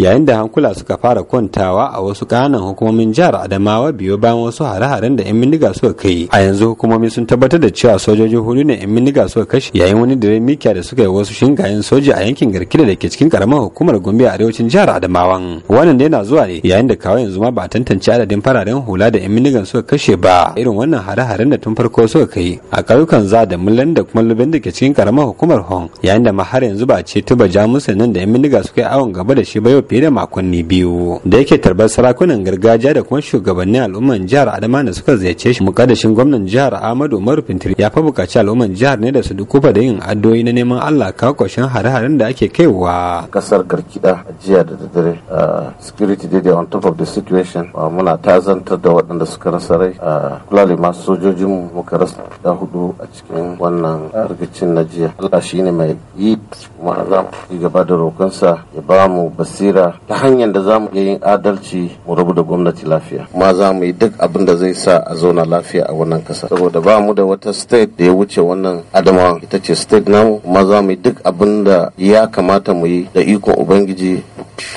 yayin da hankula suka fara kwantawa a wasu kananan hukumomin jihar adamawa biyo bayan wasu hare-haren da 'yan bindiga suka kai a yanzu hukumomi sun tabbatar da cewa sojoji hudu ne 'yan bindiga suka kashe yayin wani dare mikiya da suka yi wasu shingayen soji a yankin garkida da ke cikin karamar hukumar gombe a arewacin jihar Adamawa. wannan yana zuwa ne yayin da kawai yanzu ma ba a tantance adadin fararen hula da 'yan bindigan suka kashe ba irin wannan hare-haren da tun farko suka kai a ƙauyukan za da mulan da kuma lubin da ke cikin karamar hukumar hon yayin da ma har yanzu ba a ce tuba jamusa nan da 'yan bindiga suka yi awon gaba da shi ba yau fiye da makonni biyu da yake tarbar sarakunan gargajiya da kuma shugabannin al'umman jihar adama da suka ziyarce shi mukaddashin gwamnan jihar ahmadu umaru fintiri ya fa bukaci al'umman jihar ne da su dukufa da yin addu'o'i na neman allah kawo ƙarshen hare-haren da ake kaiwa kasar karkida jiya da daddare security day on top of the situation muna tazantar da waɗanda suka rasa rai kulali masu sojojin mu muka rasa da hudu a cikin wannan rigicin na jiya allah shine mai yi kuma za mu gaba da roƙonsa ya ba mu basira ta hanyar da za mu iya yin adalci mu rabu da gwamnati lafiya kuma za mu yi duk abin da zai sa a zauna lafiya a wannan ƙasa saboda ba mu da wata state da ya wuce wannan adamawa ita ce state namu kuma za mu yi duk abin da ya kamata mu yi da ikon ubangiji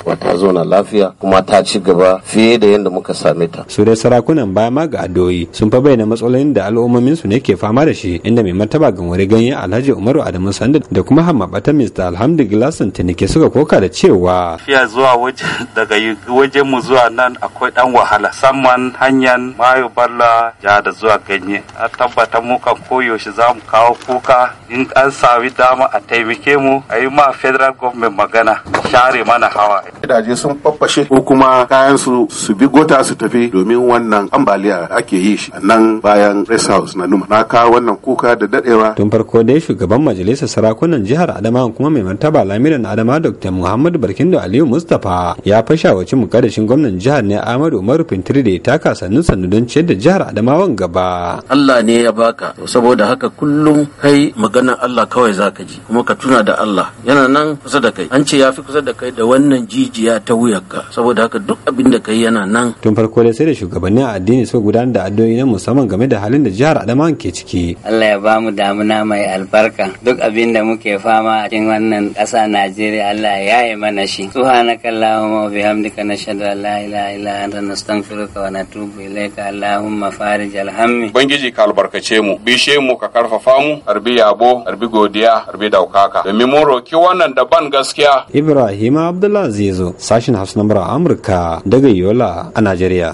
Wata zona lafiya kuma ta ci gaba fiye da yadda muka same ta. su dai sarakunan baya ma ga addu'o'i sun fa bayyana matsalolin da al'ummomin su ne ke fama da shi inda mai martaba wuri ganye alhaji umaru adamu sanda da kuma hamabata mr alhamdu gilasan tinike suka koka da cewa. fiya zuwa waje daga wajen mu zuwa nan akwai dan wahala saman hanyar mayo balla ja da zuwa ganye a tabbatar mu kan koyaushe za mu kawo kuka in an sami dama a taimake mu a yi ma federal government magana. share mana hawa gidaje sun faffashe ko kuma kayan su su bi gota su tafi domin wannan ambaliya ake yi shi nan bayan rest house na numa na kawo wannan kuka da dadewa tun farko dai shugaban majalisar sarakunan jihar adama kuma mai martaba lamiran adama dr muhammad barkindo aliyu mustapha ya fasha wace mukaddashin gwamnan jihar ne Ahmad umaru fintiri da ya taka sannu sannu don ciyar da jihar adamawan gaba allah ne ya baka saboda haka kullum kai maganar allah kawai zaka ji kuma ka tuna da allah yana nan kusa da kai an ce ya fi kusa kusa da kai da wannan jijiya ta wuyarka saboda haka duk abin da kai yana nan tun farko dai sai da shugabannin addini suka gudanar da addu'o'i na musamman game da halin da jihar adama ke ciki Allah ya ba mu damuna mai albarka duk abin da muke fama a cikin wannan ƙasa Najeriya Allah ya yi mana shi subhanakallahumma wa bihamdika nashhadu an la ilaha illa anta nastaghfiruka wa natubu ilayka allahumma farij alhammi bangiji ka albarkace mu bishe mu ka karfafa mu arbi yabo arbi godiya arbi daukaka domin mun roki wannan daban gaskiya Ibrahim Ibrahim Abdulaziz sashin Hausa na Amurka daga Yola a Najeriya.